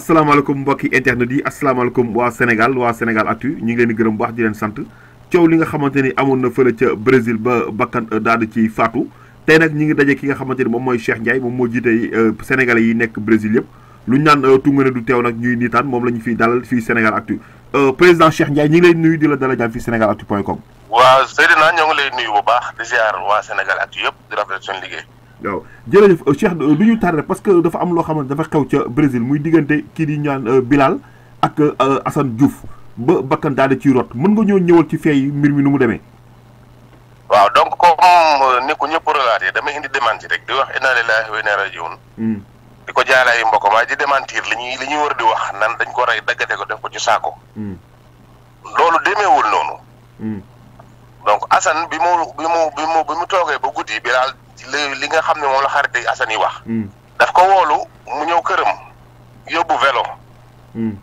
asalaamaaleykum mbokki internet yi asalaamaaleykum wa Sénégal wa Sénégal atu ñu ngi leen di gërëm bu baax di leen sant ciow li nga xamante ni amoon na fële ca Brésil ba bakkan euh, daal ci faatu tey nag ñu ngi daje ki nga xamante ni moom mooy Cheikh Ndiaye moom moo jiite euh, sénégalais yi nekk Brésil yëpp lu ñu naan euh, tungane du teew nag ñuy niitaan moom la ñu fiy dalal fii Sénégal actu président Cheikh Ndiaye ñu ngi lay nuyu di la dalal jàmm fii Sénégal actu point com. waaw Seydina ñoo ngi lay nuyu bu baax di ziar waa Sénégal actu yëpp di rafetlu seen liggéey waaw jërëjëf euh, Cheikh du euh, ñu tardé parce que dafa am loo xamante dafa xew ca Brésil muy diggante kii di ñaan euh, Bilal ak Asan Diouf ba bakkan daal di ciy rot mën nga ñëw ñëwal ci fee yi mbir mi nu mu demee. waaw donc comme ni ko ñëpp relaté damay indi démenti rek di wax inna lillahi wa inna rajiun. Hmm. di ko jaale ay mbokk waaye di démentir li ñuy li ñuy war di wax nan dañ ko rey daggate ko def ko ci saako. Hmm. loolu demeewul noonu. Hmm. donc bi mu bi mu bi mu bi mu toogee ba guddi Bilal. li nga xam ne moom la xarit day Assane yi wax. Hmm. daf ko woolu mu ñëw këram yóbbu vélo. Hmm.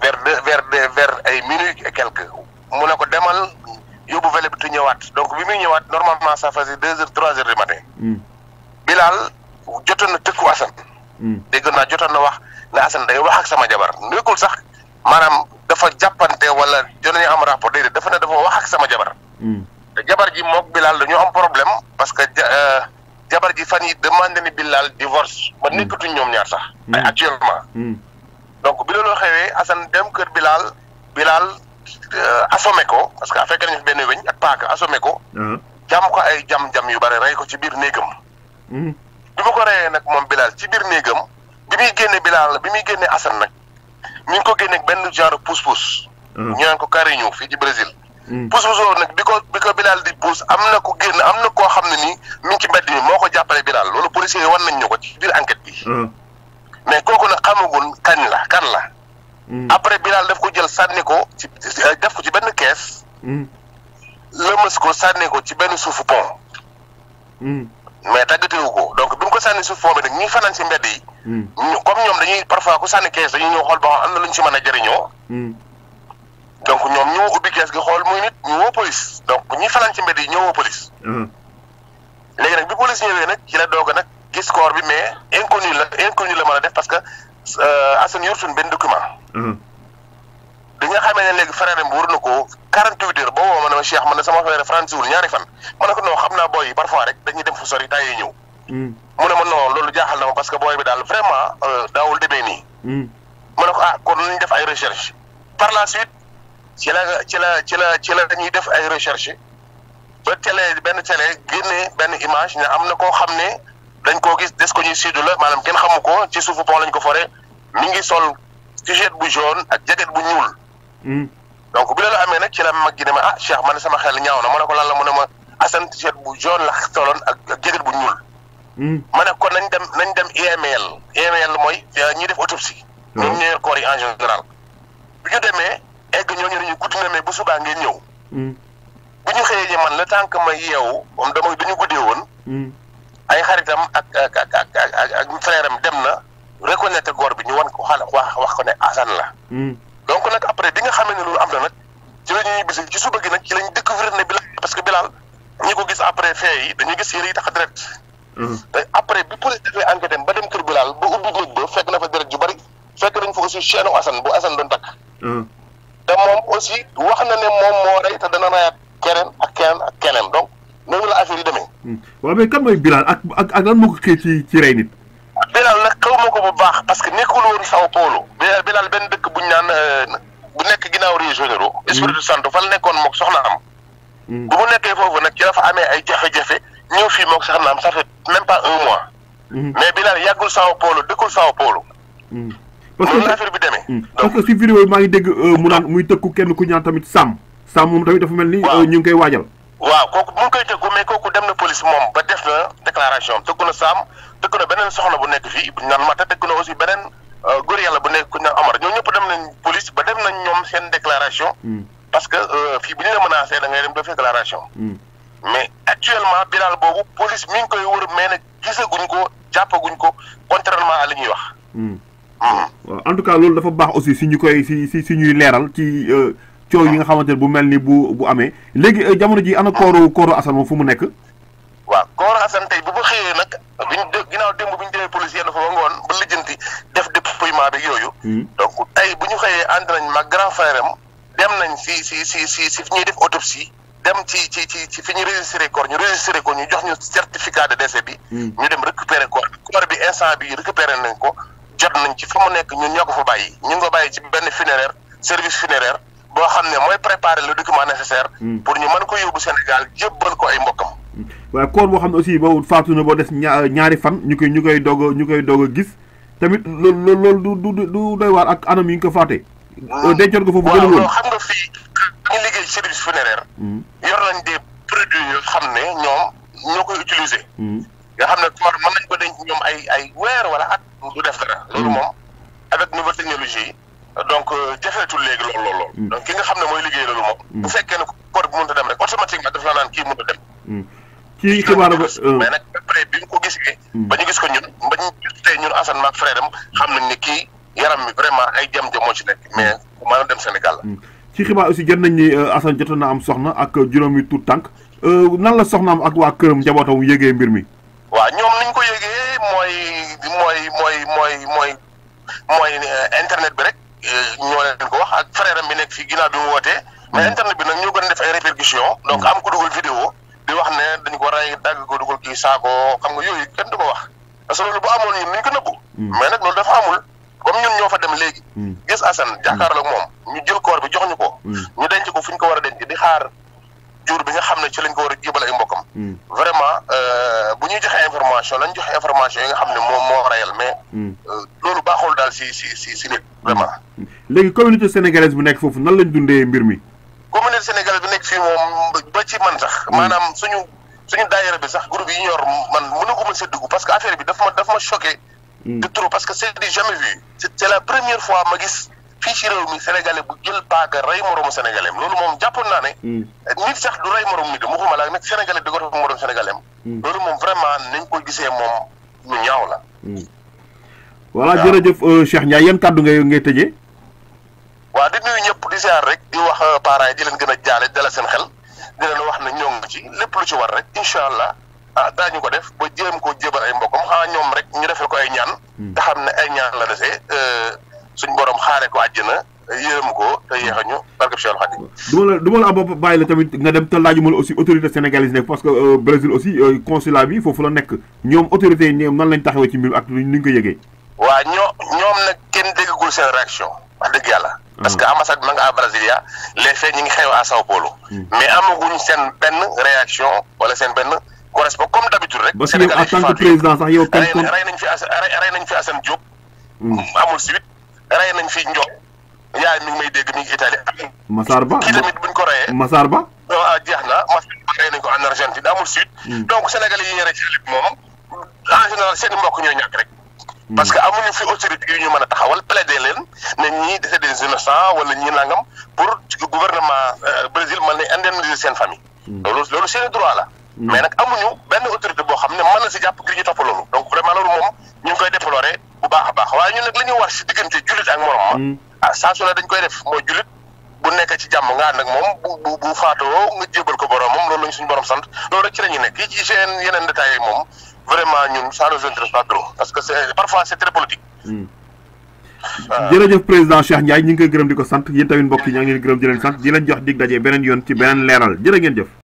vers de vers de vers ay minutes et quelque mu ne ko demal yóbbu vélo bi ñëwaat donc bi muy ñëwaat normalement ça faisait deux heures trois heures du matin. Hmm. Bilal jotoon na tëkku Assane. dégg naa jotoon na wax ne Assane day wax ak sama jabar nekkul sax maanaam dafa jàppante wala jot nañu am rapport déedéet dafa ne dafa wax ak sama jabar. jabar ji mok Bilal dañu am problème parce que euh, jabar ji fan yi demander ni Bilal divorce ba hmm. nekatu ñom ñaar sax hmm. ay actuellement hmm. donc bi loolu xewé asan dem keur Bilal Bilal euh, assommé ko parce que fekk ñu ben benn ak pak assommé ko ah. jam ko ay jam jam yu bari ray ko ci bir negam bi ko rayé nak mom Bilal ci bir negam bi mi génné Bilal bi mi génné asan nak mi ngi ko génné benn genre pousse pouce ah. ñu ko carignou fi ci Brésil pousse mm. pousse nag bi ko bi ko Bilal di pousse am na ko génn am na koo xam ne nii mi ngi ci mbedd mi moo ko jàppale Bilal loolu policiers yi wan nañ ñu ko ci biir enquête bi. Mm. mais kooku nag xamagun kañ la kan la. Mm. après Bilal daf ko jël sànni ko ci def ko ci benn kees. lëmas ko sànni ko ci benn suufu pont. mais tàggatewu ko donc bi mu ko sànni suuf foofu nag ñuy fanaan si mbedd yi. ñu comme ñoom dañuy parfois ku sànni kees dañuy ñëw xool ba am na lu ñu si mën a jëriñoo. donc ñoom ñu ubbi kees gi xool muy nit ñu woo police donc ñi fanaan ci mbedd yi ñoo police. Mm-hmm. léegi nag bi police ñëwee nag ci la doog a nag gis corps bi mais inconnu la inconnu la mën a def parce que euh, Assane yor suñ benn document. Mm-hmm. bi nga xamee ne léegi frère am na ko 48 heures ba woo ma ne ma ne sama frère France wul ñaari fan ma ne ko non xam naa booy yi parfois rek dañuy dem fu mm-hmm. loolu jaaxal na ma parce que booy bi daal vraiment euh, daawul demee nii. ma a ko ah kon nañ def ay recherche par ci la ci la ci dañuy def ay recherche ba télé benn télé génnee benn image ne am na koo xam ne dañ koo gis des ko ñuy sud la maanaam kenn xamu ko ci suufu pont lañ ko foree mi ngi sol t bu jaune ak jacket bu ñuul. Hmm. donc bi loolu amee nag ci la mag gi ne ma ah Cheikh man sama xel ñaaw na ma ne ko lan la mu ne ma Assane t-shirt bu jaune la soloon ak ak bu ñuul. Hmm. ma ne kon nañ dem nañ dem IML e IML e mooy euh, ñiy def autopsie. Hmm. ñoom ñooy corps en général bi demee. egg eh, ñoo ñu ñu guddi na mais bu subaa ngeen ñëw hmm. bu ñu xëyee ñi man la tank ma yew moom dama duñu guddé won woon hmm. ay xaritam ak ak ak ak ak ak ak frère am dem na reconnaître gor bi ñu won ko xala wax wax ko ne asan la hmm. donc nak après bi nga xamé ne lu am na nak ci lañu ñuy bis ci suba gi nak ci lañu découvrir ne bilal parce que bilal ñi ko gis après fee yi dañu gis yëre tax direct te après bi police defee enquête ba dem kër bilal ba ubbi néeg ba fekk na fa direct ju bari fekk nañ fa aussi chaîne asan bu asan don tak te moom aussi wax na ne moom moo rey te dana reyaat keneen ak keneen ak keneen donc noonu la affaire yi demee. Hmm. waaw mais kan mooy Bilal ak ak ak lan moo ci rey nit. Bilal nag xaw ma ko bu baax parce que nekkul woon Sao Paulo. Bilal benn dëkk bu ñu naan euh, bu nekk ginnaaw Rio de Janeiro. Hmm. Espírito Santo fan nekkoon mook soxna am. Hmm. bu mu nekkee foofu nag ci dafa amee ay jafe-jafe ñëw fii mook na am ça fait même pas un mois. mais Bilal yàggul Sao Paulo dëkkul Sao Paulo. parce que affaire bi demee. Hmm. parce si vidéo yi maa ngi dégg euh, mu naan muy tëkku kenn ku ñaan tamit Sam. Sam moom tamit dafa mel ni. Euh, ñu ngi koy waajal. waaw kooku bu ngi koy tëggu mais kooku dem na police moom ba def na déclaration tëggu na Sam tëggu na beneen soxna bu nekk fii bu ñu naan Mata tëggu na aussi beneen euh, góor yàlla bu nekk ku ñu naan Amar ñoo ñëpp dem nañ police ba def nañ ñoom seen déclaration. Hmm. parce que fii bu ne la menacé da ngay dem def déclaration. Hmm. mais actuellement Bilal boobu police mi ngi koy wër mais nag gisaguñ ko jàppaguñ ko contrairement à ñuy wax. en tout cas loolu dafa baax aussi si ñu koy si si si ñuy leeral ci euh, coow yi nga xamante ne bu mel ni bu bu amee léegi euh, jamono ji ana kooru kooru Assane moom fu mu nekk. waaw kooru Assane tey bu ma xëyee nag bi ñu ginnaaw démb bi ñu demee police yenn fa ba ngoon ba lijjanti def déploiement beeg yooyu. Hmm. donc tey bu ñu xëyee ànd nañ ma grand frère am dem nañ si si si si si fi ñuy def autopsie. dem ci ci ci ci fi ñu registré corps ñu registré ko ñu jox ñu certificat de décès bi. Hmm. ñu dem récupérer corps bi corps bi instant bi récupéré nañ ko. jot nañ ci fa mu nekk ñun ñoo ko fa bàyyi ñu ngi ko bàyyi ci benn funéraire service funéraire boo xam ne mooy préparer le document nécessaire. Hmm. pour ñu mën ko yóbbu Sénégal jébbal ko ay mbokkam. Hmm. waaw koor boo xam ne aussi boobu faatu na boo des ñaari fan ñu koy ñu koy doog ñu koy doog a gis tamit du du du doy waar ak anam yi nga ko hmm. euh, ko foofu a xam nga fii ñu liggéey service xam ne ñoom ñoo koy utiliser. nga xam ne koor mën nañ ko denc ñoom ay ay weer wala at du def dara. loolu hmm. moom avec nouvelle technologie yi donc euh, jafeetul léegi lool lool lool. Hmm. ki nga xam ne mooy liggéey loolu moom. bu hmm. fekkee a dem rek automatiquement a euh. nag après bi ñu ko gisee. ba ñu gis ko ñun ba ñu gis tey maak frère am xam nañ ne kii yaram mi vraiment ay jam jam moo ci nekk mais bu a dem Sénégal la. ci xibaar aussi jot nañ ni euh, Assane jotoon na am soxna ak juróomi tuut tànk nan la soxnaam ak waa këram njabootam yëgee mbir mi. waaw ñoom niñ ko yëgee mooy mooy mooy mooy euh, internet bi rek euh, ñoo leen ko wax ak frère am bi nekk fii ginnaaw bi mu wootee. mais mm. internet bi nag ñoo gën a def ay répercussions. donc mm. am ko dugal vidéo di wax ne dañ ko rey dagg ko dugal kii saako xam nga yooyu kenn du ko wax parce que loolu bu amoon ñun ñu ko nëbbu. Mm. mais nag loolu dafa amul comme ñun ñoo fa dem léegi. gis Assane jàkkaarloo ak moom ñu jël koor bi jox ñu ko. ñu denc ko fu ñu ko war a denc di xaar jur bi nga xam ne ci lañ ko war a jébal ay mbokkam. vraiment euh, bu ñuy joxe information lañ joxe information yi nga xam ne moom moo reyal mais. Hmm. Euh, loolu baaxul daal si si si si nit vraiment. Hmm. léegi communauté sénégalaise bu nekk foofu nan lañ dundee mbir mi. communauté sénégalaise bu nekk fii moom ba man sax. Hmm. maanaam suñu suñu daayira bi sax groupe yi ñor man mënaguma see dugg parce que affaire bi daf ma daf ma choqué. de parce que c'est du jamais vu. c'est la première fois ma gis. fii mi sénégalais bu jël paaka ray morom sénégalais lolu mom moom na naa ne. Hmm. nit sax du ray morom nit mu xuma la nek sénégalais di ko morom sénégalais hmm. lolu mom vraiment nagn ko gisee mom ñu ñaaw la. Hmm. voilà jërëjëf euh, Cheikh Ndiaye yeen kaddu ngay ngay wa di nuyu ñëpp di ziar rek di wax euh, parents di leen gëna a dala seen xel di leen wax na ñong ci lepp lu ci war rek inshallah ah, ko def ba jëm ko ay xana ñom rek ñu ko ay ñaan. ay ñaan la xare ko àjjana yéemu ko te yéex a ñu barke Cheikh Khadim. du ma la du ma la amoon bàyyi la tamit nga dem te laajuma la autorité sénégalaise nekk parce que euh, Brésil aussi euh, consulat bi foofu la nekk ñoom autorité yi ñoom nan taxawee ci mbir ak ni ñu ko yëgee. waaw ñoom nag kenn déggagul seen réaction wax dëgg yàlla. Hmm. parce que ambassade bi ma nga à Brasilia les ngi xew à Sao Paulo. Hmm. mais amaguñ seen benn réaction wala seen benn correspond comme d'habitude rek. ba si rey nañ fi Ndiop yaay mi ngi may dégg mi ngi Italie. Massar Ba kii buñ ko reyee. Massar Ba. waaw ah, jeex na Massar Ba rey nañ ko en Argentine amul suite. Hmm. donc sénégal yi ñu rey ci àll bi moom en général seen i mbokk ñooy ñàkk rek. Hmm. parce que amuñu fi autorité yu ñu mën a taxawal plaider leen ne ñi décès des innocents wala ñii nangam pour gouvernement euh, Brésil mën nañ indemniser seen famille. Hmm. loolu loolu seen droit la. mais nag amuñu benn autorité boo xam ne mën na si jàpp ngir ñu topp loolu donc vraiment loolu moom ñu ngi koy déplorer. baax waaye ñun nag li ñuy war si diggante jullit ak morom ma mm. ah, saa su ne dañ koy def mooy jullit bu nekk ci jàmm nga ànd ak moom bu bu faatoo nga jébal ko borom moom loolu lañ suñu borom sant loolu ci la nekk yi ci seen yeneen détails yi moom vraiment ñun ça nous intéresse pas trop parce que c'est parfois c'est très politique. Mm. Ah. président Cheikh Ndiaye ñu ngi gërëm di ko sant yéen tamit mbokk ñaa ngi gërëm di sant di jox dig daje beneen yoon ci beneen leeral jërë ngeen